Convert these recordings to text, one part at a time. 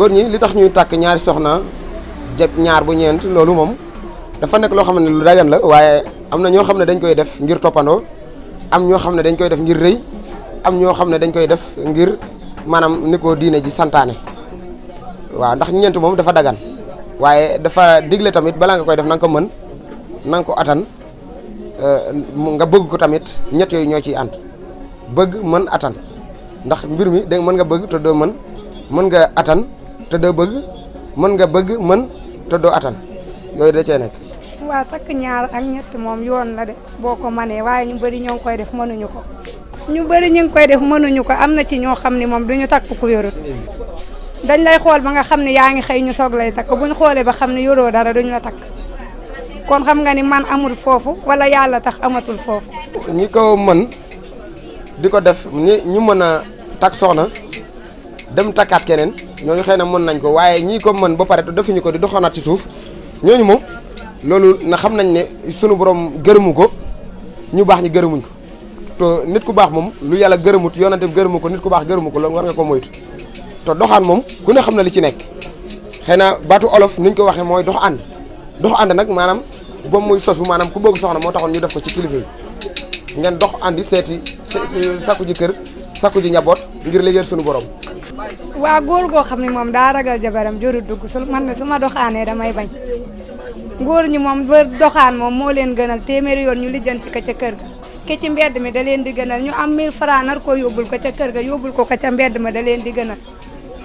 góor ñi li tax ñuy tàkk ñaari soxna jëpp ñaar bu ñeent loolu moom dafa nekk loo xam ne lu dagan la waaye am na ñoo xam ne dañ koy def ngir toppandoo am ñoo xam ne dañ koy def ngir rëy am ñoo xam ne dañ koy def ngir maanaam ni ko diine ji santaane waaw ndax ñeent moom dafa dagan waaye dafa digle tamit balaa nga koy def na ko mën na nga ko euh, nga bëgg ko tamit ñett yooyu ñoo ciy ànd bëgg mën attan ndax mbir mi dégg mën nga bëgg te mën mën nga attan te doo bëgg mën nga bëgg mën te doo attan yooyu da cee nekk. waaw takk ñaar ak ñett moom yoon la de boo ko manee waaye ñu bëri ñoo ngi koy def mënuñu ko. ñu bëri ñu ngi koy def mënuñu ko am na ci ñoo xam ne moom ñu takk ku yorut dañ lay xool ba nga xam ne yaa ngi xëy ñu soog lay takk ñu xoolee ba xam ne yoroo dara duñu la takk kon xam nga ni man amul foofu wala yàlla tax amatul foofu. ñi ko mën di ko def ñi mën a takk soxna dem takkaat keneen ñoo xëy na mën nañ ko waaye ñii ko mën ba pare te defuñu ko di doxanaat ci suuf ñooñu moom loolu na xam nañ ne sunu borom gërëmu ko ñu baax ñi gërëmuñ ko te nit ku baax moom lu yàlla gërëmut yonante gërëmu ko nit ku baax gërëmu ko loolu war nga ko moytu te doxaan moom ku ne xam na li ci nekk xëy na baatu olof niñ ko waxee mooy dox ànd dox ànd nag maanaam ba muy sosu maanaam ku bëgg soxna moo taxoon ñu def ko ci kilifa yi ngeen dox àndi seeti sakku ji kër sakku ji njaboot ngir liggéeyal sunu borom waa góor goo xam ne moom daa ragal jabaram joru dugg su man ne su ma doxaanee damay bañ góor ñi moom ba doxaan moom moo leen gënal téeméeri yoon ñu lijjanti ko ca kër ga ke ci mbedd mi da leen di gënal ñu am 1000 francs nar ko yóbbul ko ca kër ga yóbbul ko ko ca mbedd ma da leen di gënal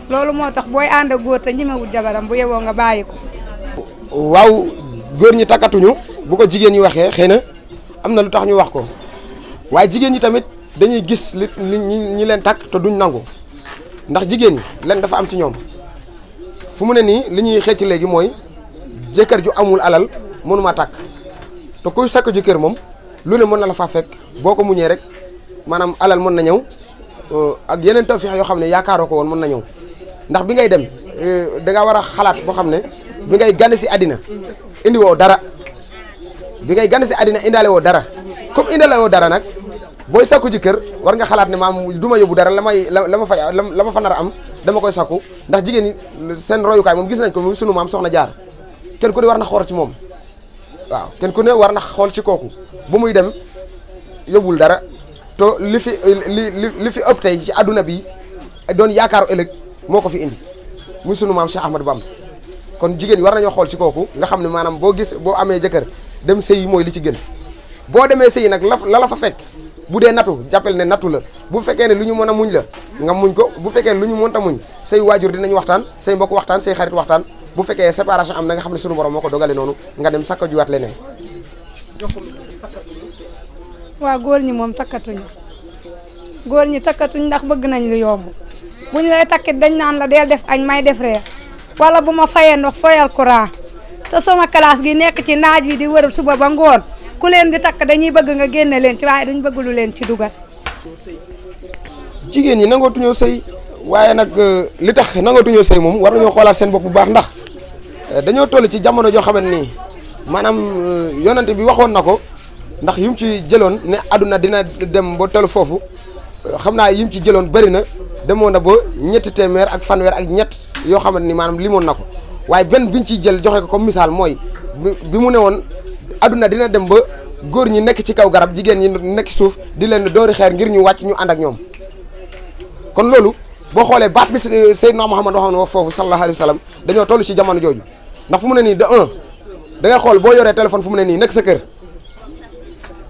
loolu moo tax booy ànd ak góor te ñemewul jabaram bu yeboo nga bàyyi ko waaw góor ñi takkatuñu bu ko jigéen ñi waxee xëy na am na lu tax ñu wax ko waaye jigéen ñi tamit dañuy gis li leen takk duñ nangu ndax jigéen ñi lenn dafa am ci ñoom fu mu ne nii li ñuy xeecc léegi mooy jëkkër ju amul alal mënuma tàkk te kuy sakku ci moom lu ne mën na la faa fekk boo ko muñee rek maanaam alal mën na ñëw euh, ak yeneen tawfeex yoo xam ne yaakaaroo ko woon mën na ñëw ndax bi ngay dem euh, da nga war a xalaat boo xam ne bi ngay gane si àddina indi dara bi ngay gane si àddina indaale woo dara comme indaale woo dara nag booy sakku ci kër war nga xalaat ne maam duma ma yóbbu dara la may la ma fay la ma fa nar a am dama koy sakku ndax jigéen ñi seen royukaay moom gis nañ ko moom sunu maam soxna jaar kenn ku ne war na xool ci moom waaw ku ne war na xool ci kooku bu muy dem yóbbul dara te li fi li fi ëpp tey ci àdduna bi doon yaakaaru ëllëg moo ko fi indi muy sunu maam Cheikh Ahmadou Bamba kon jigéen ñi war nañoo xool ci kooku nga xam ne maanaam boo gis boo amee jëkkër dem sëy mooy li ci gën boo demee sëy nag la la fa fekk. bu dee nattu jàppal ne nattu la bu fekkee ne lu ñu mën a muñ la nga muñ ko bu fekkee lu ñu mënta muñ say waajur dinañ waxtaan say mbokk waxtaan say xarit waxtaan bu fekkee séparation am na nga xam ne sunu borom moo ko dogale noonu nga dem sakka juwaat leneen. waaw góor ñi moom takkatuñu góor ñi takkatuñ ndax bëgg nañ lu yomb bu ñu lay takkit dañ naan la deel def añ may def reer wala bu ma fayee ndox foyal courant te sama classe gi nekk ci naaj wi di wër suba ba ngoon. ku leen di takk dañuy bëgg nga génne leen ci waaye dañu bëgg lu leen ci dugal. jigéen ñi nangootuñoo sëy waaye nag euh, li tax nangootuñoo sëy moom war nañoo xoolaat seen bopp bu baax ndax euh, dañoo toll ci jamono joo xamante ni maanaam euh, yonante bi waxoon na ko ndax yim ci jëloon ne àdduna dina dem ba tollu foofu xam naa yim ci jëloon bëri na demoon na ba ñetti téeméer ak fanweer ak ñett yoo xamante ni maanaam limoon na ko waaye benn biñ ciy jël joxe ko comme misaal mooy bi mu aduna dina dem ba góor ñi nekk ci kaw garab jigéen ñi nekk suuf di leen doori xeer ngir ñu wàcc ñu ànd ak ñoom kon loolu boo xoolee baat bi Seydina Muhammad waxoon na foofu sallallahu alayhi wa dañoo toll ci jamono jooju ndax mu ne nii de un xool boo yoree téléphone fu mu ne nii nekk sa kër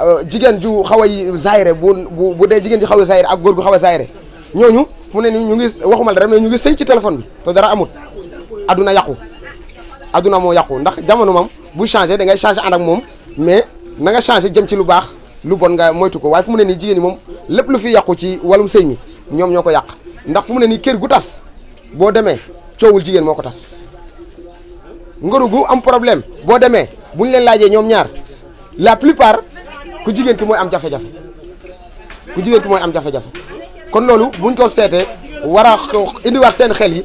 euh, jigéen ju xaw a zaayre bu bu bu dee jigéen ju xaw a zaayre ak góor gu xaw a zaayre ñooñu fu mu ne nii ñu ngi waxumal dara mais ñu ngi sëy ci téléphone bi te dara amut aduna yàqu aduna moo yàqu ndax jamono moom. bu changé da ngay changé ànd ak moom mais na nga changé jëm ci lu baax lu bon nga moytu ko waaye fu mu ne nii jigéen ñi moom lépp lu fi yàqu ci wàllum sëy mi ñoom ñoo ko yàq ndax fu mu ne nii kër gu tas boo demee coowul jigéen moo ko tas ngëru gu am problème boo demee bu ñu leen laajee ñoom ñaar la plupart ku jigéen ki mooy am jafe-jafe ku jigéen ki mooy am jafe-jafe kon loolu buñ ko seetee war a indiwaat seen xel yi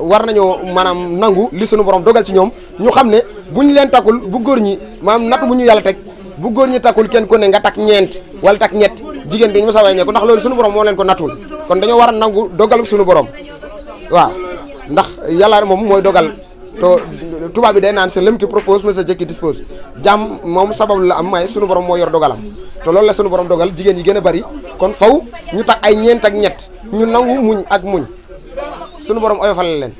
war nañoo maanaam nangu li suñu borom dogal ci ñoom ñu xam ne bu ñu leen takkul bu góor ñi maam natt mu ñu yàlla teg bu góor ñi takkul kenn ku ne nga takk ñeent wala takk ñett jigéen duñu mës a wàññeeku ndax loolu suñu borom moo leen ko nattul kon dañoo war a nangu dogal borom waaw ndax yàlla moom mooy dogal to tubaab bi day naan c'est l'homme qui propose mais c'est Dieu qui dispose moom sabab la am may suñu borom moo yor dogalam te loolu la suñu borom dogal jigéen yi gën a bari kon faw ñu takk ay ñeent ak ñett ñu nangu muñ ak muñ sunu borom oyofal leen.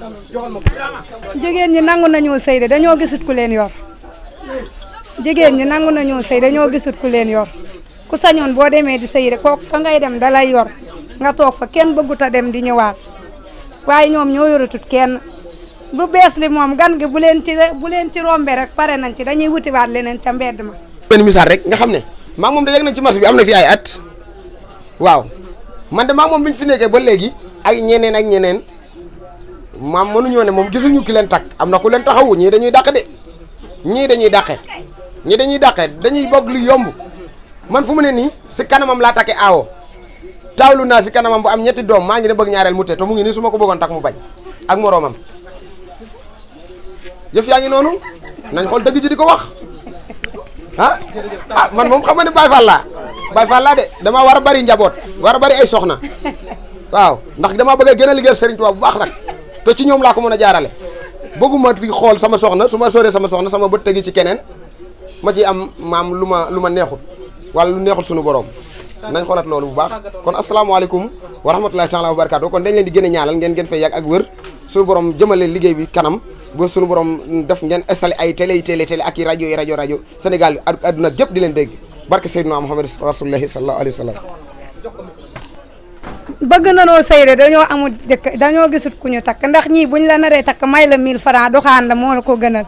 jigéen ñi nangu nañoo sëy de dañoo gisut ku leen yor ñi nangu nañoo sëy dañoo gisut ku leen yor ku sañoon boo demee di sëy de ko ka ngay dem dalay yor nga toog fa kenn bëggut a dem di ñëwaat waaye ñoom ñoo yoratut kenn. lu bees li moom gan gi bu leen ci bu leen ci rombe rek pare nañ ci dañuy waat leneen ca mbedd ma. benn misaal rek nga xam ne maa moom da yegg nañ ci bi am na fi ay at waaw man de maa moom bi ñu fi nekkee ba léegi ay ñeneen ak ñeneen maam mënuñoo ne moom gisuñu ki leen takk am na ku leen taxawu ñii dañuy dàq de ñii dañuy dàqe ñii dañuy dàqe dañuy bokk lu yomb man fu mu ne nii si kanamam laa takkee aawo taawlu naa si kanamam bu am ñetti doom maa ngi ne bëgg ñaareel mu te te mu ngi nii su ma ko bëggoon takk mu bañ ak moroomam yëf yaa ngi noonu nañ xool dëgg ji di ko wax ah ah man moom xam nga ne Baye Fall de damaa war a bari njaboot war a bari ay soxna waaw ndax damaa bëgg a gën a liggéeyal Serigne Touba bu baax nag. te ci ñoom laa ko mën a jaarale bëgguma di xool sama soxna su ma soree sama soxna sama bët tegi ci keneen ma ci am maam lu ma lu ma neexut wala lu neexul suñu borom nañ xoolaat loolu bu baax kon asalaamaaleykum wa rahmatulahi taala wa barakaatu kon dañ leen di gën a ñaanal ngeen gën fay yàgg ak wër suñu borom jëmale liggéey bi kanam ba suñu borom def ngeen installé ay télé yi télé télé ak i rajo yi rajo rajo Sénégal adduna gépp di leen dégg barke Seydina Muhammad rasulullahi sallallahu alayhi wa sallam bëgg nanoo sëy de dañoo amul jëkk dañoo gisut ku ñu takk ndax ñii buñ la naree takk may la 1000 francs doxaan la moo la ko gënal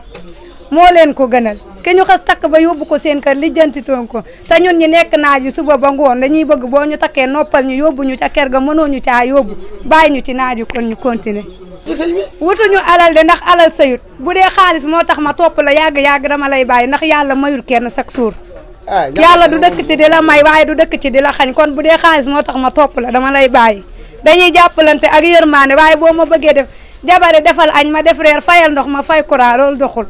moo leen ko gënal ke ñu xas takk ba yóbbu ko seen lijjanti lijjantitoon ko te ñun ñi nekk naa ju suba ba ngoon dañuy bëgg boo ñu takkee noppal ñu yóbbu ñu ca kër ga mënoo ñu caa yóbbu bàyyi ñu ci naaju kon ñu continuer wutuñu alal de ndax alal sayut bu dee xaalis moo tax ma topp la yàgg-yàgg dama lay bàyyi ndax yàlla mayul kenn chaque jour Ah, yàlla du dëkk ci di la may waaye du dëkk ci di la xañ kon bu dee xaalis moo tax ma topp la dama lay bàyyi dañuy jàppalante ak yërmaande waaye boo ma bëggee def jabare defal añ ma def reer fayal ndox ma fay courant loolu doxul